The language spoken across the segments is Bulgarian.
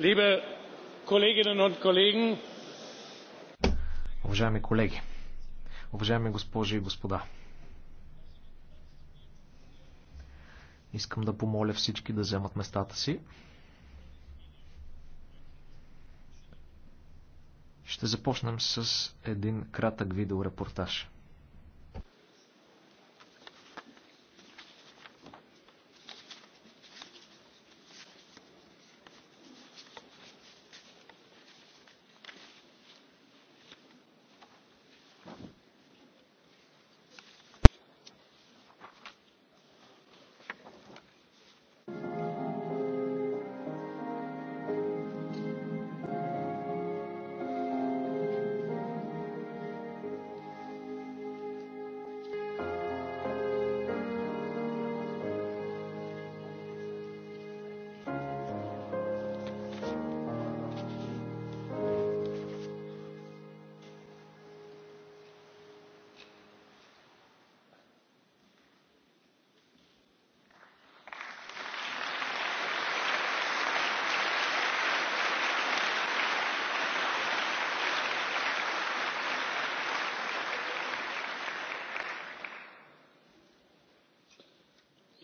Liebe Kolleginnen und Kollegen, уважаеми колеги, уважаеми госпожи и господа, искам да помоля всички да вземат местата си. Ще започнем с един кратък видеорепортаж.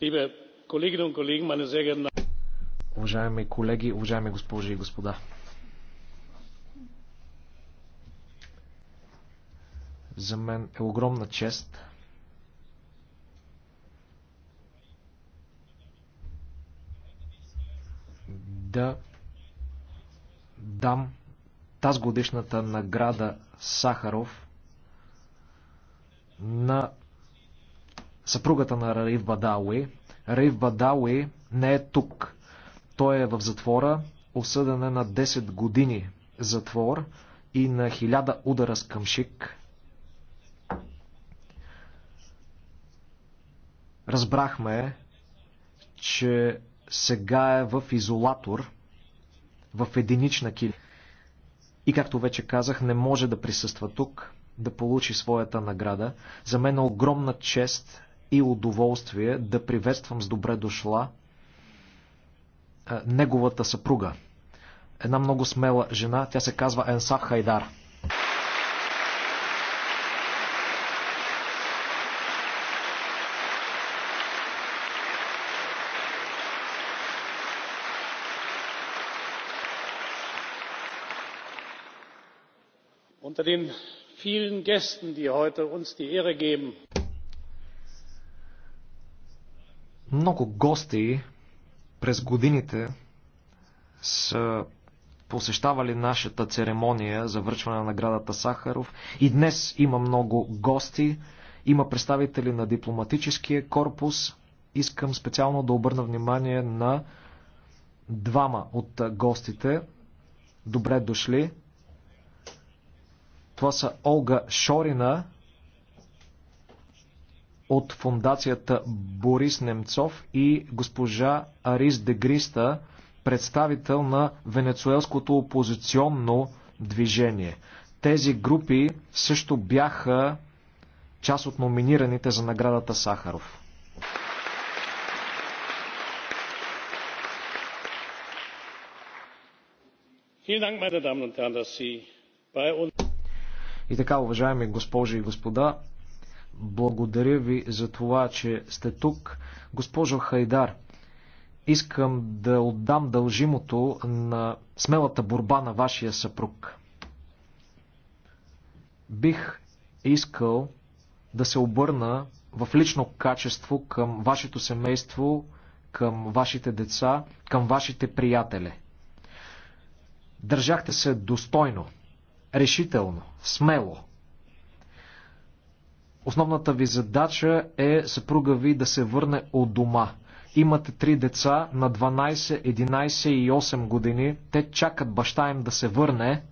Liebe Kolleginnen und Kollegen, meine sehr geehrten Уважаеми колеги, уважаеми госпожи и господа. За мен е огромна чест да дам тази годишната награда Сахаров на съпругата на Раиф Бадауи. Раив Бадауи не е тук. Той е в затвора, осъден е на 10 години затвор и на 1000 удара с къмшик. Разбрахме, че сега е в изолатор, в единична килия И както вече казах, не може да присъства тук, да получи своята награда. За мен е огромна чест и удоволствие да приветствам с добре дошла неговата съпруга. Една много смела жена, тя се казва Енсах Хайдар. unter den vielen gästen die heute uns die ehre geben много гости през годините са посещавали нашата церемония за връчване на наградата Сахаров. И днес има много гости, има представители на дипломатическия корпус. Искам специално да обърна внимание на двама от гостите. Добре дошли. Това са Олга Шорина от фундацията Борис Немцов и госпожа Арис Дегриста, представител на венецуелското опозиционно движение. Тези групи също бяха част от номинираните за наградата Сахаров. И така, уважаеми госпожи и господа, благодаря ви за това, че сте тук. Госпожо Хайдар, искам да отдам дължимото на смелата борба на вашия съпруг. Бих искал да се обърна в лично качество към вашето семейство, към вашите деца, към вашите приятели. Държахте се достойно, решително, смело. Основната ви задача е съпруга ви да се върне от дома. Имате три деца на 12, 11 и 8 години. Те чакат баща им да се върне.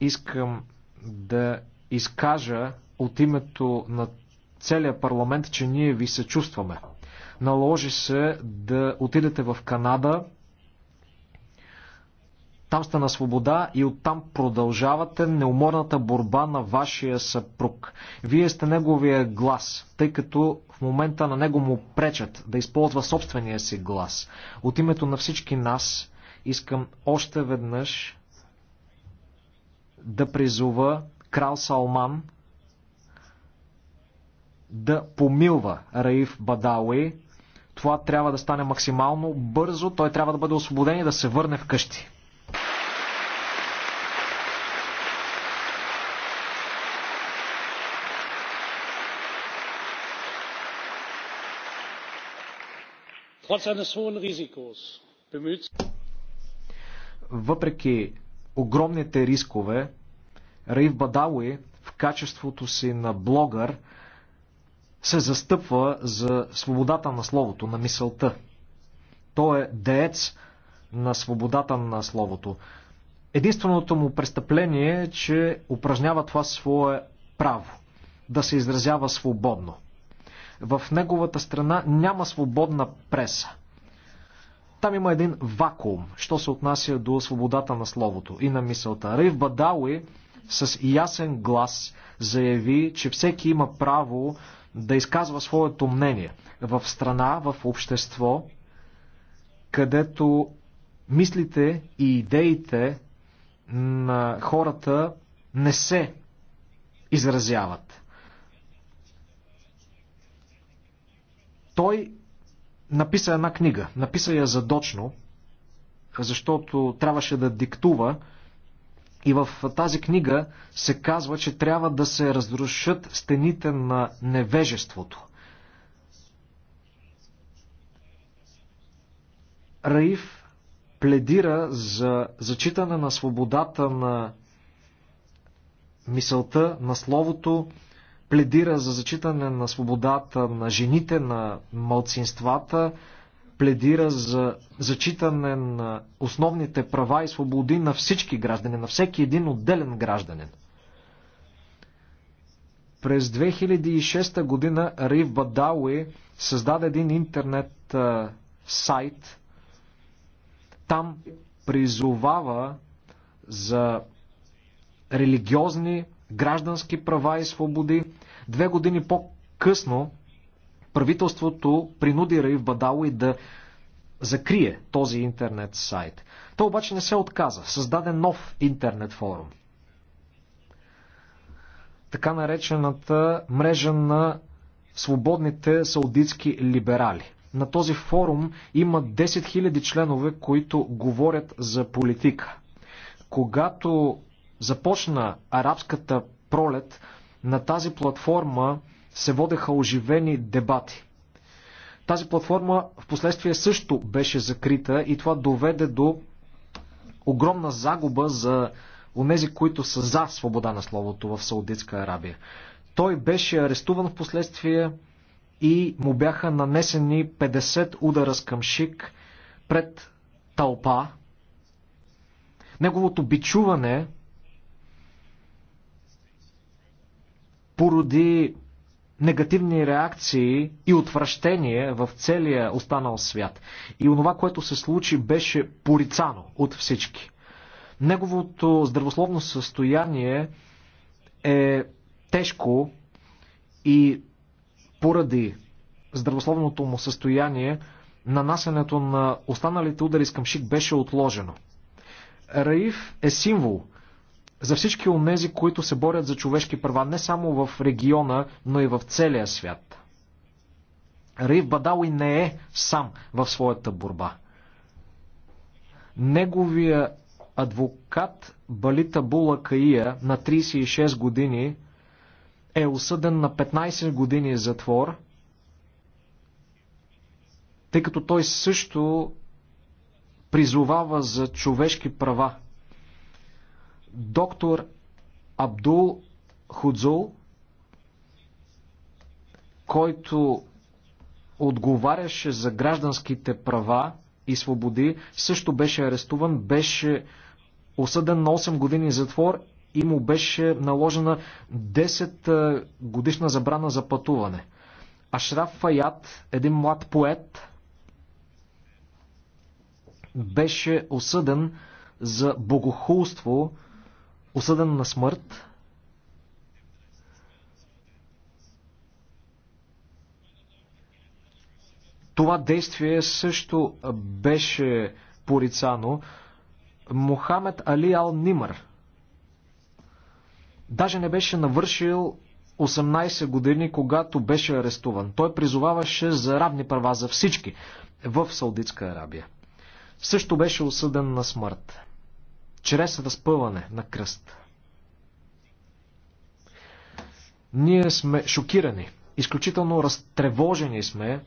Искам да изкажа от името на целия парламент, че ние ви се чувстваме. Наложи се да отидете в Канада, там сте на свобода и оттам продължавате неуморната борба на вашия съпруг. Вие сте неговия глас, тъй като в момента на него му пречат да използва собствения си глас. От името на всички нас искам още веднъж да призова крал Салман да помилва Раиф Бадауи. Това трябва да стане максимално бързо. Той трябва да бъде освободен и да се върне вкъщи. Въпреки огромните рискове, Раив Бадауи в качеството си на блогър се застъпва за свободата на словото, на мисълта. Той е деец на свободата на словото. Единственото му престъпление е, че упражнява това свое право да се изразява свободно в неговата страна няма свободна преса. Там има един вакуум, що се отнася до свободата на словото и на мисълта. Рейв Бадауи с ясен глас заяви, че всеки има право да изказва своето мнение в страна, в общество, където мислите и идеите на хората не се изразяват. Той написа една книга, написа я задочно, защото трябваше да диктува и в тази книга се казва, че трябва да се разрушат стените на невежеството. Раиф пледира за зачитане на свободата на мисълта, на словото, пледира за зачитане на свободата на жените, на малцинствата, пледира за зачитане на основните права и свободи на всички граждани, на всеки един отделен гражданин. През 2006 година Рив Бадауи създаде един интернет а, сайт. Там призовава за религиозни, граждански права и свободи. Две години по-късно правителството принуди Раив Бадауи да закрие този интернет сайт. Той обаче не се отказа. Създаде нов интернет форум. Така наречената мрежа на свободните саудитски либерали. На този форум има 10 000 членове, които говорят за политика. Когато започна арабската пролет, на тази платформа се водеха оживени дебати. Тази платформа в последствие също беше закрита и това доведе до огромна загуба за онези, които са за свобода на словото в Саудитска Арабия. Той беше арестуван в последствие и му бяха нанесени 50 удара с къмшик пред тълпа. Неговото бичуване породи негативни реакции и отвращение в целия останал свят. И онова, което се случи, беше порицано от всички. Неговото здравословно състояние е тежко и поради здравословното му състояние, нанасенето на останалите удари с камшик беше отложено. Раиф е символ – за всички онези, които се борят за човешки права не само в региона, но и в целия свят. Раив Бадауи не е сам в своята борба. Неговия адвокат Балита Була Каия на 36 години е осъден на 15 години затвор, тъй като той също призовава за човешки права доктор Абдул Худзул, който отговаряше за гражданските права и свободи, също беше арестуван, беше осъден на 8 години затвор и му беше наложена 10 годишна забрана за пътуване. Ашраф Фаят, един млад поет, беше осъден за богохулство осъден на смърт. Това действие също беше порицано. Мохамед Али Ал Нимър даже не беше навършил 18 години, когато беше арестуван. Той призоваваше за равни права за всички в Саудитска Арабия. Също беше осъден на смърт чрез разпъване на кръст. Ние сме шокирани, изключително разтревожени сме,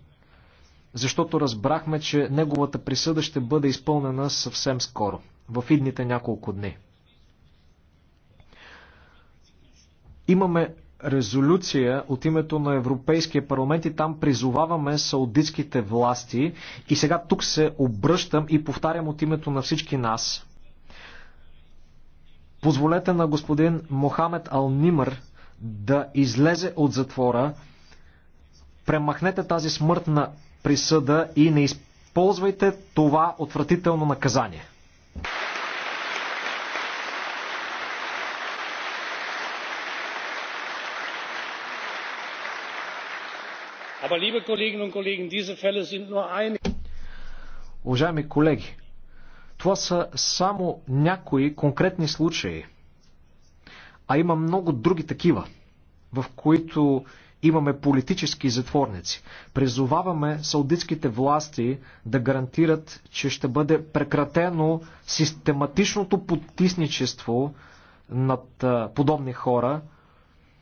защото разбрахме, че неговата присъда ще бъде изпълнена съвсем скоро, в идните няколко дни. Имаме резолюция от името на Европейския парламент и там призоваваме саудитските власти и сега тук се обръщам и повтарям от името на всички нас. Позволете на господин Мохамед Алнимър да излезе от затвора. Премахнете тази смъртна присъда и не използвайте това отвратително наказание. Уважаеми колеги, това са само някои конкретни случаи, а има много други такива, в които имаме политически затворници. Призоваваме саудитските власти да гарантират, че ще бъде прекратено систематичното потисничество над подобни хора,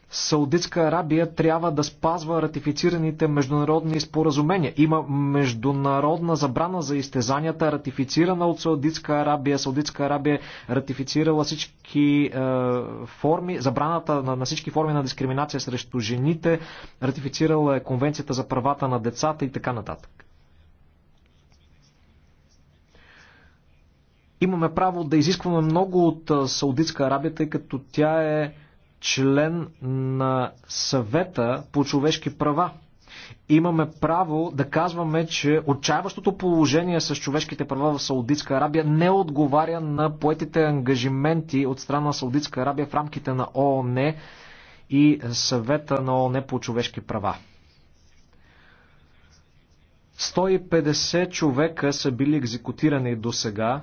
Саудитска Арабия трябва да спазва ратифицираните международни споразумения. Има международна забрана за изтезанията, ратифицирана от Саудитска Арабия. Саудитска Арабия е ратифицирала всички е, форми, забраната на, на всички форми на дискриминация срещу жените, ратифицирала е Конвенцията за правата на децата и така нататък. Имаме право да изискваме много от е, Саудитска Арабия, тъй като тя е член на съвета по човешки права. Имаме право да казваме, че отчаяващото положение с човешките права в Саудитска Арабия не отговаря на поетите ангажименти от страна на Саудитска Арабия в рамките на ООН и съвета на ООН по човешки права. 150 човека са били екзекутирани до сега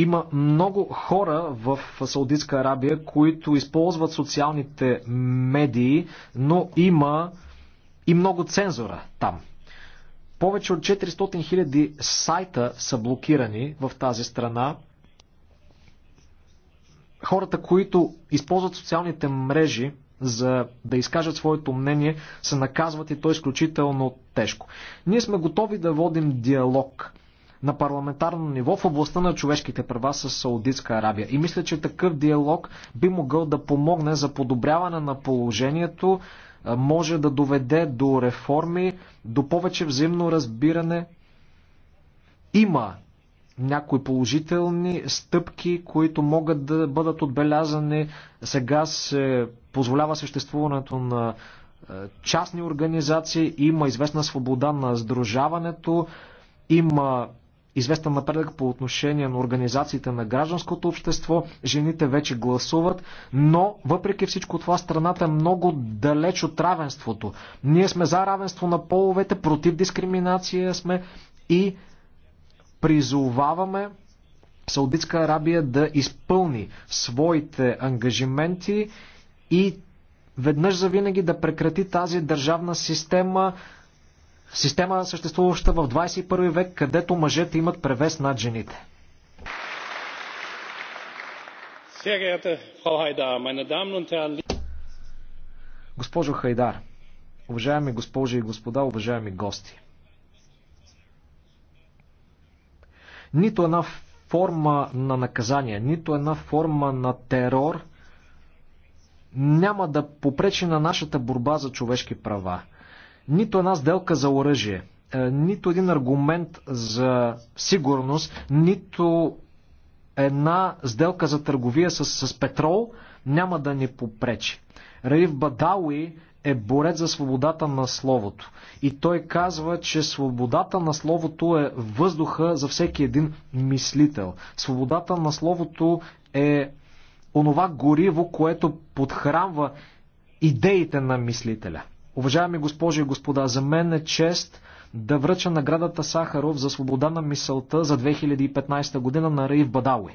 Има много хора в Саудитска Арабия, които използват социалните медии, но има и много цензура там. Повече от 400 000 сайта са блокирани в тази страна. Хората, които използват социалните мрежи, за да изкажат своето мнение, се наказват и то изключително тежко. Ние сме готови да водим диалог на парламентарно ниво в областта на човешките права с Саудитска Арабия. И мисля, че такъв диалог би могъл да помогне за подобряване на положението, може да доведе до реформи, до повече взаимно разбиране. Има някои положителни стъпки, които могат да бъдат отбелязани. Сега се позволява съществуването на частни организации, има известна свобода на сдружаването, има известен напредък по отношение на организациите на гражданското общество. Жените вече гласуват, но въпреки всичко това страната е много далеч от равенството. Ние сме за равенство на половете, против дискриминация сме и призоваваме Саудитска Арабия да изпълни своите ангажименти и веднъж завинаги да прекрати тази държавна система, Система съществуваща в 21 век, където мъжете имат превес над жените. Госпожо Хайдар, уважаеми госпожи и господа, уважаеми гости. Нито една форма на наказание, нито една форма на терор няма да попречи на нашата борба за човешки права нито една сделка за оръжие, е, нито един аргумент за сигурност, нито една сделка за търговия с, с петрол няма да ни попречи. Раиф Бадауи е борец за свободата на словото. И той казва, че свободата на словото е въздуха за всеки един мислител. Свободата на словото е онова гориво, което подхранва идеите на мислителя. Уважаеми госпожи и господа, за мен е чест да връча наградата Сахаров за свобода на мисълта за 2015 година на Раив Бадауи.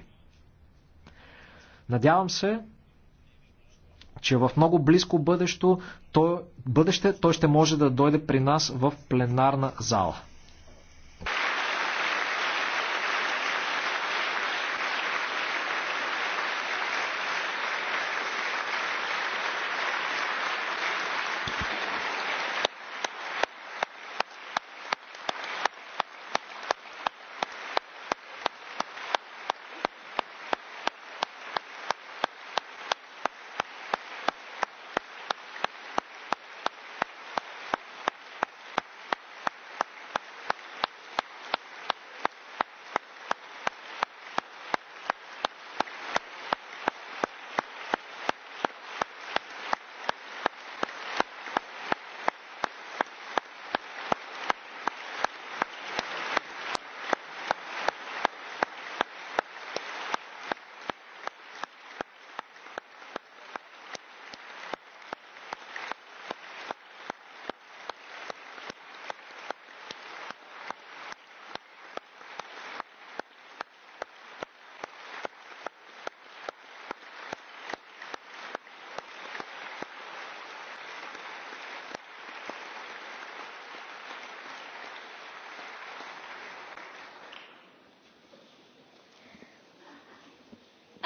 Надявам се, че в много близко бъдещо, той, бъдеще той ще може да дойде при нас в пленарна зала.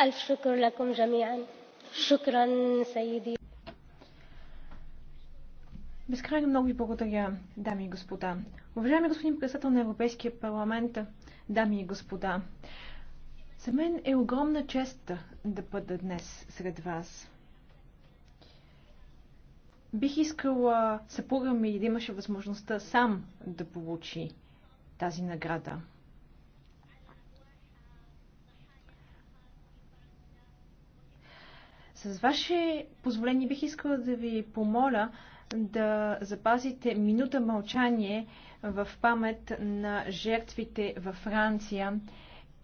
ألف شكر لكم جميعا شكرا سيدي Безкрайно много ви благодаря, дами и господа. Уважаеми господин председател на Европейския парламент, дами и господа, за мен е огромна чест да бъда днес сред вас. Бих искала съпруга ми да имаше възможността сам да получи тази награда. С ваше позволение бих искала да ви помоля да запазите минута мълчание в памет на жертвите във Франция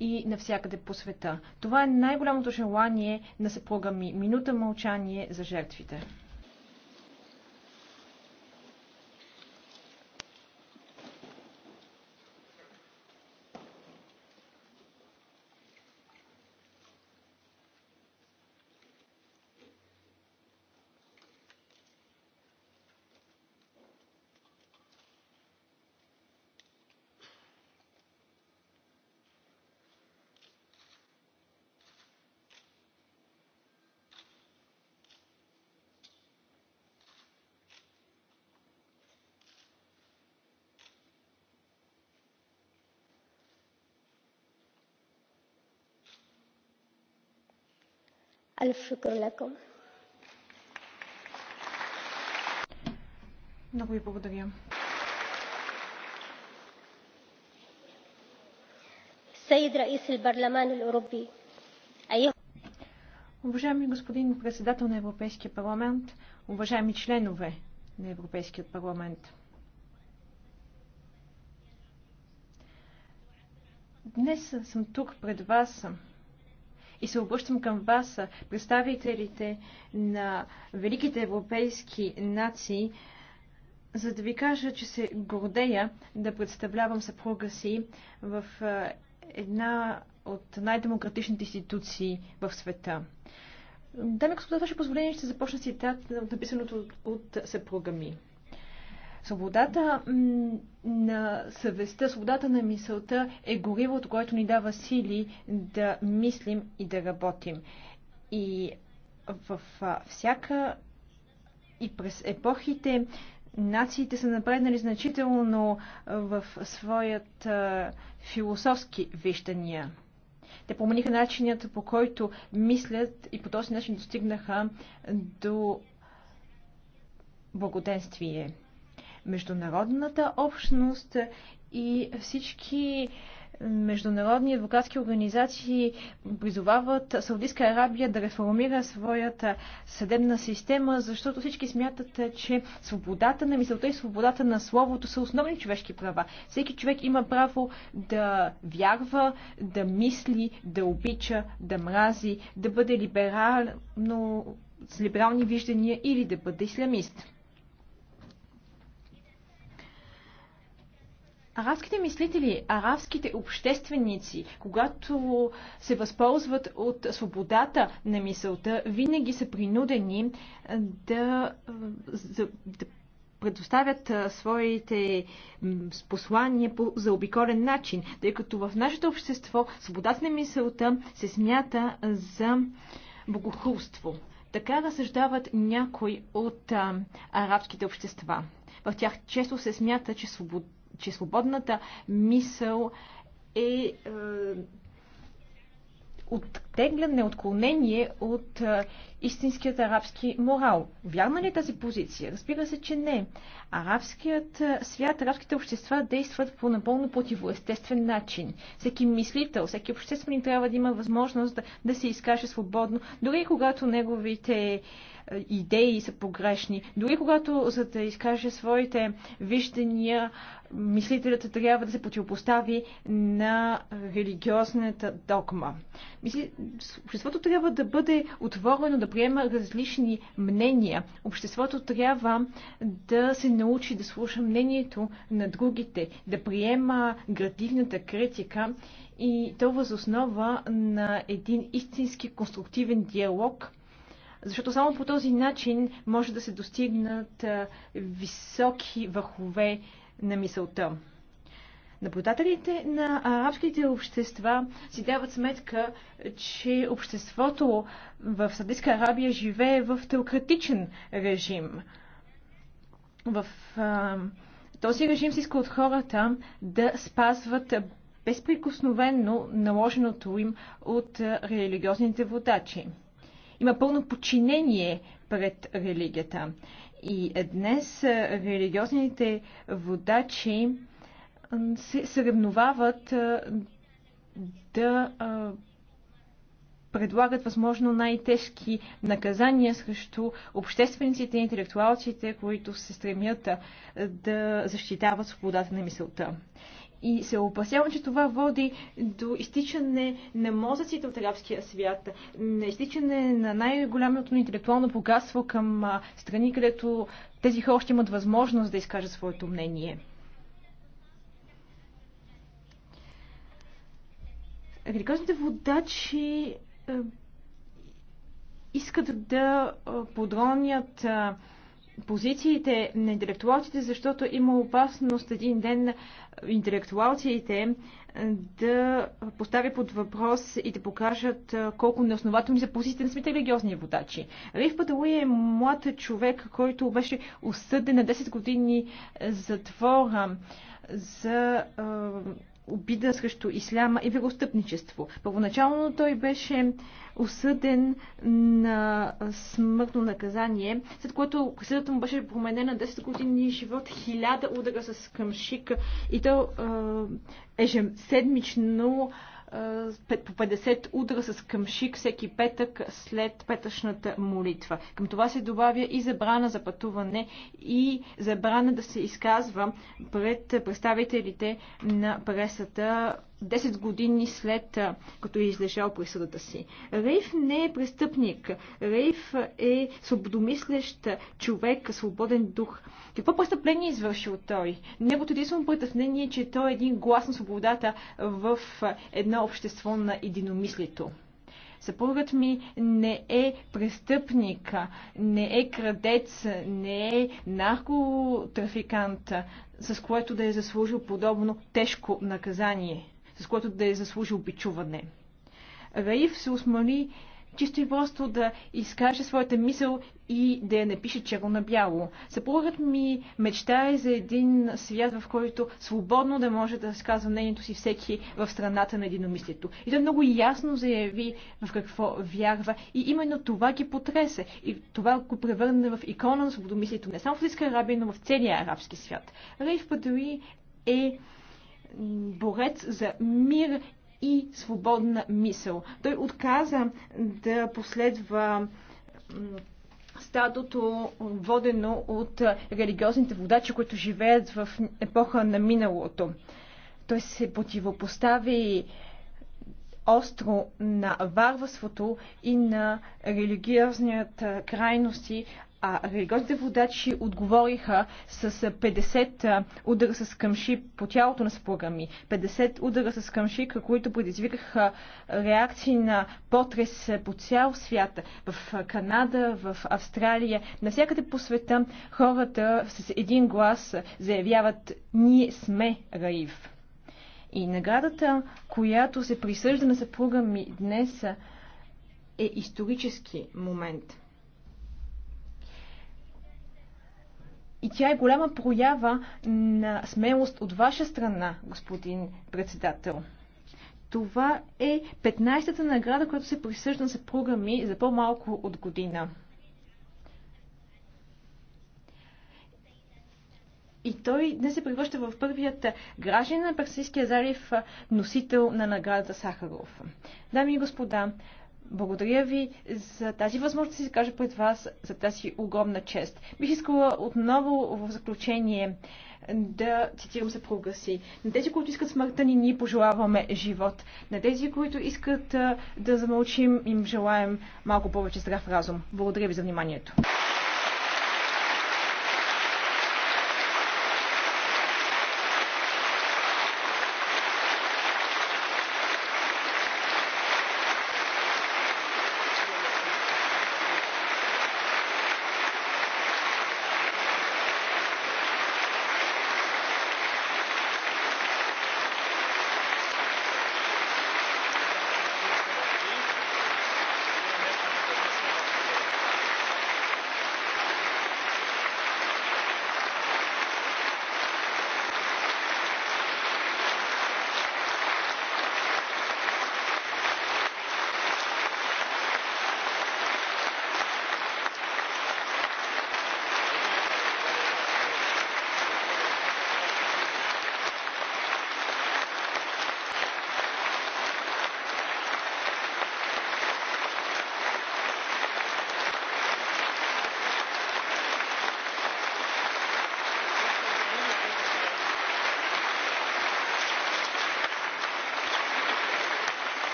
и навсякъде по света. Това е най-голямото желание на съпруга ми. Минута мълчание за жертвите. ألف شكر لكم Много ви благодаря. Съйд Раис Парламент Европи. Уважаеми господин председател на Европейския парламент, уважаеми членове на Европейския парламент. Днес съм тук пред вас и се обръщам към вас, представителите на великите европейски нации, за да ви кажа, че се гордея да представлявам съпруга си в една от най-демократичните институции в света. Дами и господа, ваше позволение ще започна цитат от написаното от съпруга ми. Свободата на съвестта, свободата на мисълта е горивото, което ни дава сили да мислим и да работим. И във всяка и през епохите нациите са напреднали значително в своят философски виждания. Те промениха начинът по който мислят и по този начин достигнаха до благоденствие международната общност и всички международни адвокатски организации призовават Саудитска Арабия да реформира своята съдебна система, защото всички смятат, че свободата на мисълта и свободата на словото са основни човешки права. Всеки човек има право да вярва, да мисли, да обича, да мрази, да бъде либерално с либерални виждания или да бъде исламист. арабските мислители, арабските общественици, когато се възползват от свободата на мисълта, винаги са принудени е, да, да, е, да предоставят е, своите послания по заобиколен начин, тъй като в нашето общество свободата на мисълта се смята за богохулство. Така разсъждават някои от а, арабските общества. В тях често се смята, че свободата че свободната мисъл е, е оттегляне, отклонение от е, истинският арабски морал. Вярна ли е тази позиция? Разбира се, че не. Арабският е, свят, арабските общества действат по напълно противоестествен начин. Всеки мислител, всеки общественик трябва да има възможност да, да се изкаже свободно, дори когато неговите е, идеи са погрешни. Дори когато, за да изкаже своите виждания, мислителят трябва да се противопостави на религиозната догма. обществото трябва да бъде отворено, да приема различни мнения. Обществото трябва да се научи да слуша мнението на другите, да приема градивната критика и то възоснова на един истински конструктивен диалог – защото само по този начин може да се достигнат високи върхове на мисълта. Наблюдателите на арабските общества си дават сметка, че обществото в Саудитска Арабия живее в теократичен режим. В а, този режим се иска от хората да спазват безприкосновенно наложеното им от религиозните водачи има пълно подчинение пред религията. И днес религиозните водачи се съревновават да предлагат възможно най-тежки наказания срещу обществениците и интелектуалците, които се стремят да защитават свободата на мисълта. И се опасявам, че това води до изтичане на мозъците от арабския свят, на изтичане на най-голямото интелектуално богатство към страни, където тези хора ще имат възможност да изкажат своето мнение. Религиозните водачи искат да подронят позициите на интелектуалците, защото има опасност един ден интелектуалците е, да постави под въпрос и да покажат е, колко неоснователни са позициите на самите религиозни водачи. Риф Падалуи е млад човек, който беше осъден на 10 години затвора за е, обида срещу исляма и веростъпничество. Първоначално той беше осъден на смъртно наказание, след което присъдата му беше променена 10 години живот, хиляда удара с къмшик и то е, ежеседмично е, по 50 удра с къмшик всеки петък след петъчната молитва. Към това се добавя и забрана за пътуване и забрана да се изказва пред представителите на пресата 10 години след като е излежал присъдата си. Рейф не е престъпник. Рейф е свободомислещ човек, свободен дух. Какво престъпление е извършил той? Неговото единствено притеснение е, че той е един глас на свободата в едно общество на единомислито. Съпругът ми не е престъпник, не е крадец, не е наркотрафикант, с което да е заслужил подобно тежко наказание с което да е заслужил обичуване. Раиф се усмали чисто и е просто да изкаже своята мисъл и да я напише черно на бяло. Съпругът ми мечтае за един свят, в който свободно да може да разказва мнението си всеки в страната на единомислието. И той много ясно заяви в какво вярва и именно това ги потресе. И това го превърне в икона на свободомислието не само в Лиска Арабия, но в целия арабски свят. Рейф Падуи е борец за мир и свободна мисъл. Той отказа да последва статото, водено от религиозните водачи, които живеят в епоха на миналото. Той се противопостави остро на варварството и на религиозният крайности, а религиозните водачи отговориха с 50 удара с къмши по тялото на сплъга ми. 50 удара с къмши, които предизвикаха реакции на потрес по цял свят. В Канада, в Австралия, навсякъде по света хората с един глас заявяват «Ние сме Раив». И наградата, която се присъжда на съпруга ми днес, е исторически момент – И тя е голяма проява на смелост от ваша страна, господин председател. Това е 15-та награда, която се присъжда за програми за по-малко от година. И той днес се превръща в първият гражданин на Персийския залив, носител на наградата Сахаров. Дами и господа, благодаря ви за тази възможност да се кажа пред вас за тази огромна чест. Бих искала отново в заключение да цитирам се прогаси. На тези, които искат смъртта ни, ние пожелаваме живот. На тези, които искат да замълчим, им желаем малко повече здрав разум. Благодаря ви за вниманието.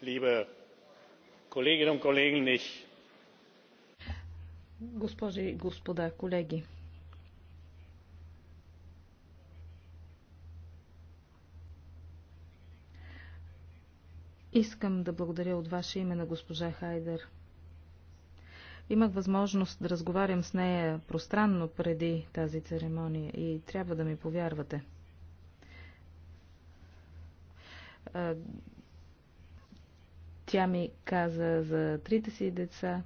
liebe kolleginnen und kollegen! ich госпожи и господа колеги искам да благодаря от ваше име на госпожа хайдер Имах възможност да разговарям с нея пространно преди тази церемония и трябва да ми повярвате. Тя ми каза за трите си деца,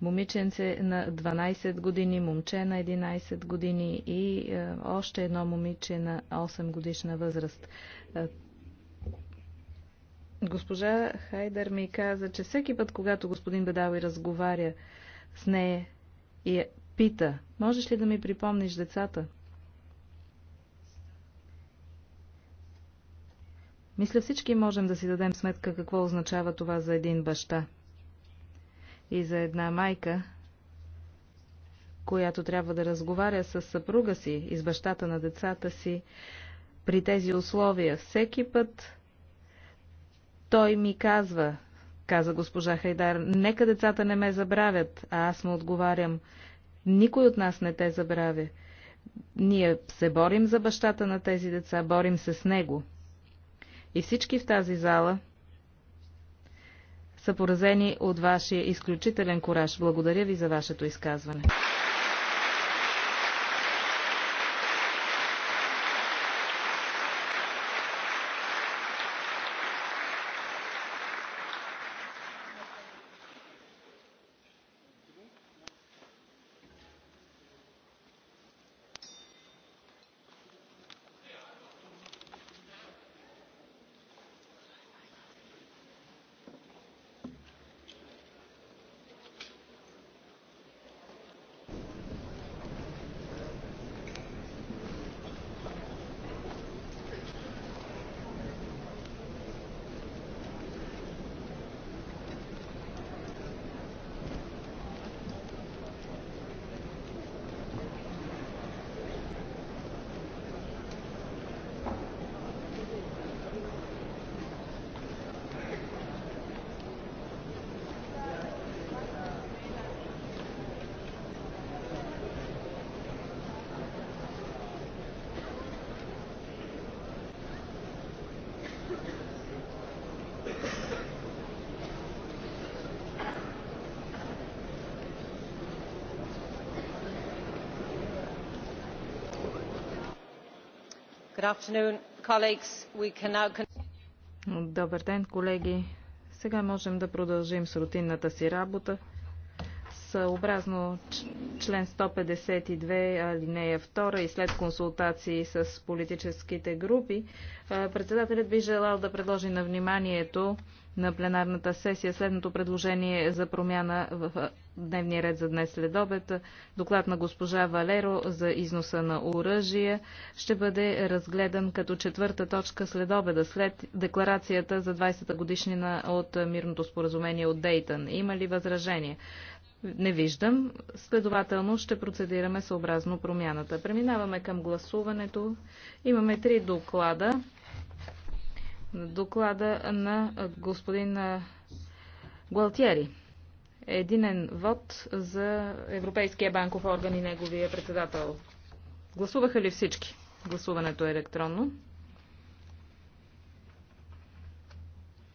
момиченце на 12 години, момче на 11 години и още едно момиче на 8 годишна възраст. Госпожа Хайдер ми каза, че всеки път, когато господин Бедави разговаря с нея и я пита, можеш ли да ми припомниш децата? Мисля всички можем да си дадем сметка какво означава това за един баща и за една майка, която трябва да разговаря с съпруга си и с бащата на децата си при тези условия всеки път, той ми казва, каза госпожа Хайдар, нека децата не ме забравят, а аз му отговарям, никой от нас не те забравя. Ние се борим за бащата на тези деца, борим се с него. И всички в тази зала са поразени от вашия изключителен кораж. Благодаря ви за вашето изказване. Добър ден, колеги! Сега можем да продължим с рутинната си работа съобразно член 152 алинея 2 и след консултации с политическите групи, председателят би желал да предложи на вниманието на пленарната сесия следното предложение за промяна в дневния ред за днес след обед. Доклад на госпожа Валеро за износа на оръжие ще бъде разгледан като четвърта точка след обеда, след декларацията за 20-та годишнина от мирното споразумение от Дейтън. Има ли възражение? Не виждам. Следователно ще процедираме съобразно промяната. Преминаваме към гласуването. Имаме три доклада. Доклада на господин Гуалтиери. Единен вод за Европейския банков орган и неговия председател. Гласуваха ли всички? Гласуването е електронно.